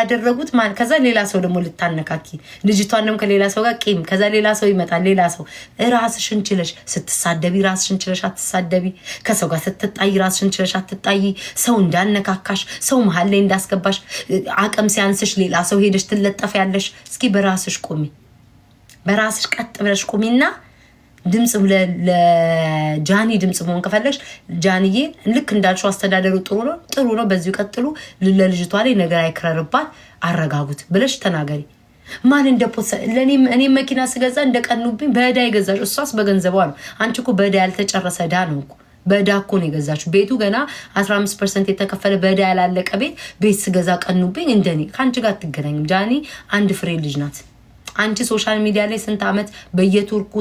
ያደረጉት ማን? ከዛ ሌላ ሰው ደግሞ ልታነካኪ ልጅቷንም ከሌላ ሰው ጋር ቂም፣ ከዛ ሌላ ሰው ይመጣል። ሌላ ሰው ራስሽን ችለሽ ስትሳደቢ ራስሽን ችለሽ አትሳደቢ። ከሰው ጋር ስትጣይ ራስሽን ችለሽ አትጣይ። ሰው እንዳነካካሽ፣ ሰው መሀል ላይ እንዳስገባሽ፣ አቅም ሲያንስሽ ሌላ ሰው ሄደሽ ያለሽ። እስኪ በራስሽ ቁሚ፣ በራስሽ ቀጥ ብለሽ ቁሚና ድምፅ ለጃኒ ድምፅ መሆን ከፈለሽ ጃኒዬ ልክ እንዳልሽው አስተዳደሩ ጥሩ ነው፣ ጥሩ ነው። በዚሁ ቀጥሉ። ለልጅቷ ላይ ነገር አይክረርባት፣ አረጋጉት ብለሽ ተናገሪ። ማን እንደ እኔ መኪና ስገዛ እንደቀኑብኝ በእዳ የገዛሽ እሷስ በገንዘቧ ነው። አንቺ እኮ በእዳ ያልተጨረሰ ዳ ነው እኮ በዕዳ እኮ ነው የገዛችሁ። ቤቱ ገና 15 ፐርሰንት የተከፈለ በእዳ ያላለቀ ቤት ቤት ስገዛ ቀኑብኝ። እንደኔ ከአንቺ ጋር አትገናኝም ጃኒ። አንድ ፍሬ ልጅ ናት። አንቺ ሶሻል ሚዲያ ላይ ስንት ዓመት በየቱርኩ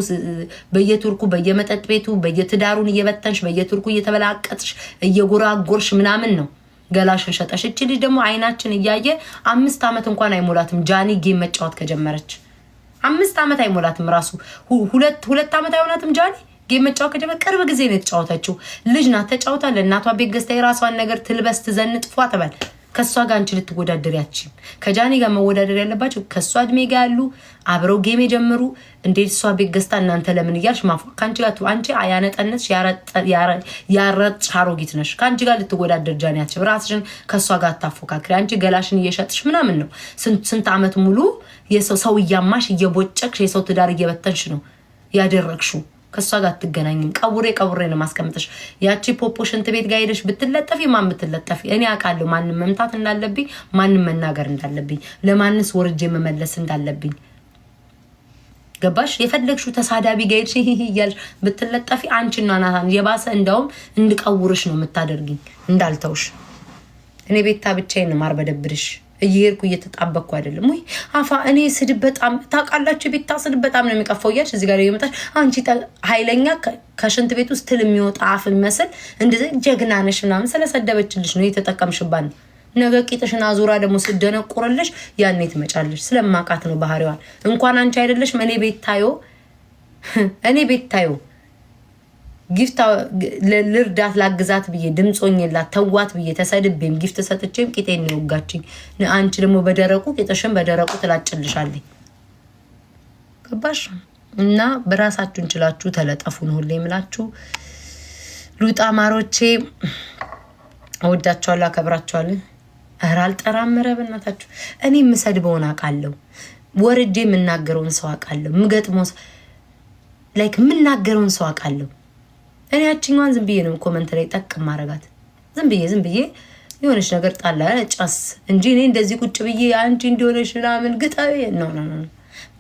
በየቱርኩ በየመጠጥ ቤቱ በየትዳሩን እየበተንሽ በየቱርኩ እየተበላቀጥሽ እየጎራጎርሽ ምናምን ነው ገላሽን ሸጠሽ። እቺ ልጅ ደግሞ አይናችን እያየ አምስት ዓመት እንኳን አይሞላትም ጃኒ ጌም መጫወት ከጀመረች አምስት ዓመት አይሞላትም። ራሱ ሁለት ሁለት ዓመት አይሆናትም ጃኒ ጌም መጫወት ከጀመረ ቅርብ ጊዜ ነው የተጫወተችው። ልጅ ናት፣ ተጫውታለች። እናቷ ቤት ገዝታ የራሷን ነገር ትልበስ፣ ትዘንጥ፣ ትበል። ከእሷ ጋር አንቺ ልትወዳደር ያችም ከጃኒ ጋር መወዳደር ያለባቸው ከእሷ እድሜ ጋር ያሉ አብረው ጌም የጀመሩ እንዴት እሷ ቤት ገዝታ እናንተ ለምን እያልሽ ማፎ ከአንቺ ጋር አንቺ ያነጠነች ያረጥሽ አሮጊት ነሽ። ከአንቺ ጋር ልትወዳደር ጃኒ ያችም ራስሽን ከእሷ ጋር አታፎካክሪ። አንቺ ገላሽን እየሸጥሽ ምናምን ነው። ስንት አመት ሙሉ ሰው እያማሽ እየቦጨቅሽ የሰው ትዳር እየበተንሽ ነው ያደረግሽው። ከእሷ ጋር አትገናኝም። ቀቡሬ ቀቡሬ ነው ማስቀምጠሽ። ያቺ ፖፖ ሽንት ቤት ጋር ሄደሽ ብትለጠፊ ማን ብትለጠፊ፣ እኔ አውቃለሁ ማንም መምታት እንዳለብኝ፣ ማንም መናገር እንዳለብኝ፣ ለማንስ ወርጄ መመለስ እንዳለብኝ ገባሽ? የፈለግሽው ተሳዳቢ ጋር ሄድሽ እያልሽ ብትለጠፊ አንቺና ናታን የባሰ እንደውም እንድቀውርሽ ነው የምታደርግኝ፣ እንዳልተውሽ እኔ ቤታ ብቻዬን ነው ማርበደብርሽ። እየሄድኩ እየተጣበቅኩ አይደለም ወይ አፋ እኔ ስድብ በጣም ታውቃላችሁ፣ ቤታ ስድብ በጣም ነው የሚቀፋው እያልሽ እዚህ ጋር የመጣሽ አንቺ ኃይለኛ ከሽንት ቤት ውስጥ ትል የሚወጣ አፍ የሚመስል እንደዚህ ጀግና ነሽ ምናምን ስለሰደበችልሽ ነው የተጠቀምሽባን። ነገ ቂጥሽን አዙራ ደግሞ ስደነቁርልሽ ያኔ ትመጫለሽ። ስለማቃት ነው ባህሪዋን። እንኳን አንቺ አይደለሽ እኔ ቤት ታዮ እኔ ቤት ታዮ ጊፍት ልርዳት ላግዛት ብዬ ድምፆኝላት ተዋት ብዬ ተሰድቤም ጊፍት ሰጥቼም ቂጤን የወጋችኝ። አንቺ ደግሞ በደረቁ ቂጥሽን በደረቁ ትላጭልሻለኝ። ገባሽ? እና በራሳችሁ እንችላችሁ ተለጠፉ ነው ሁሌ የምላችሁ። ሉጣ ማሮቼ እወዳቸዋለሁ፣ አከብራቸዋለሁ። ኧረ አልጠራም። ኧረ በእናታችሁ እኔ የምሰድበውን አውቃለሁ። ወርጄ የምናገረውን ሰው አውቃለሁ። የምገጥመው ላይክ የምናገረውን ሰው አውቃለሁ። እኔ ያችኛዋን ዝም ብዬ ነው ኮመንት ላይ ጠቅ ማረጋት። ዝም ብዬ ዝም ብዬ የሆነች ነገር ጣለ ጨስ እንጂ እኔ እንደዚህ ቁጭ ብዬ አንቺ እንዲሆነች ምናምን ግጠቤ ነው ነው ነው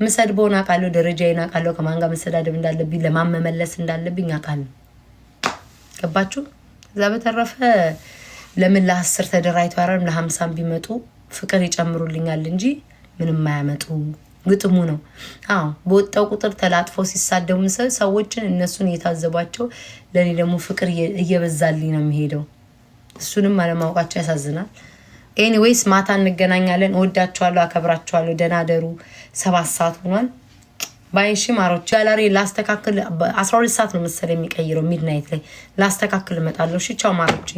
ምሰድበውን አውቃለሁ፣ ደረጃዬን አውቃለሁ፣ ከማን ጋር መሰዳደብ እንዳለብኝ ለማን መመለስ እንዳለብኝ አውቃለሁ። ገባችሁ? እዛ በተረፈ ለምን ለአስር ተደራጅተው አይደለም ለሀምሳም ቢመጡ ፍቅር ይጨምሩልኛል እንጂ ምንም አያመጡ ግጥሙ ነው። አዎ በወጣው ቁጥር ተላጥፈው ሲሳደቡ ምስል ሰዎችን እነሱን እየታዘቧቸው ለእኔ ደግሞ ፍቅር እየበዛልኝ ነው የሚሄደው። እሱንም አለማወቃቸው ያሳዝናል። ኤኒዌይስ ማታ እንገናኛለን። እወዳችኋለሁ፣ አከብራችኋለሁ። ደህና ደሩ። ሰባት ሰዓት ሆኗል። ባይሺ ማሮች ጋላሪ ላስተካክል። አስራ ሁለት ሰዓት ነው መሰለኝ የሚቀይረው ሚድናይት ላይ ላስተካክል እመጣለሁ። ሽቻው ማሮቼ።